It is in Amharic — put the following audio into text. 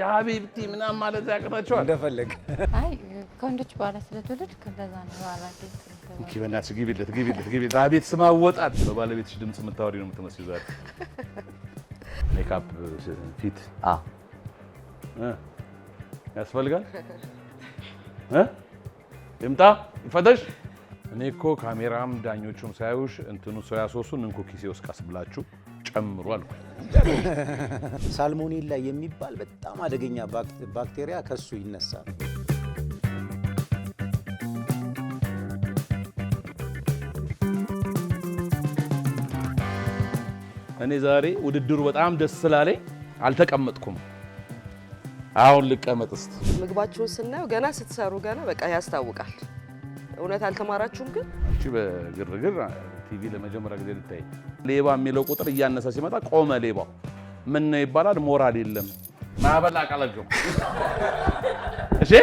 የሀቢብቲ ምናምን ማለት ያቅታቸዋል። እንደፈለግ ከወንዶች በኋላ ስለተወለድ ከዛ ነው በኋላ በእናትሽ ግቢለት ግቢለት ግቢለት። አቤት ስም አወጣት። በባለቤትሽ ድምፅ የምታወሪ ነው የምትመስዪው ዛሬ። ሜካፕ ፊት ያስፈልጋል። ይምጣ ይፈተሽ። እኔ እኮ ካሜራም ዳኞቹም ሳያዩሽ እንትኑ ሶያ ሶሱን እንኩ ኪሴ ውስጥ ቀስ ብላችሁ ጨምሩ አልኩ። ሳልሞኔላ የሚባል በጣም አደገኛ ባክቴሪያ ከሱ ይነሳል። እኔ ዛሬ ውድድሩ በጣም ደስ ስላለኝ አልተቀመጥኩም። አሁን ልቀመጥ እስቲ። ምግባችሁን ስናየው ገና ስትሰሩ ገና በቃ ያስታውቃል። እውነት አልተማራችሁም ግን እቺ በግርግር ቲቪ ለመጀመሪያ ጊዜ ልታይ ሌባ የሚለው ቁጥር እያነሰ ሲመጣ ቆመ ሌባው ምን ነው ይባላል ሞራል የለም ማበላ ቃላቸው እሺ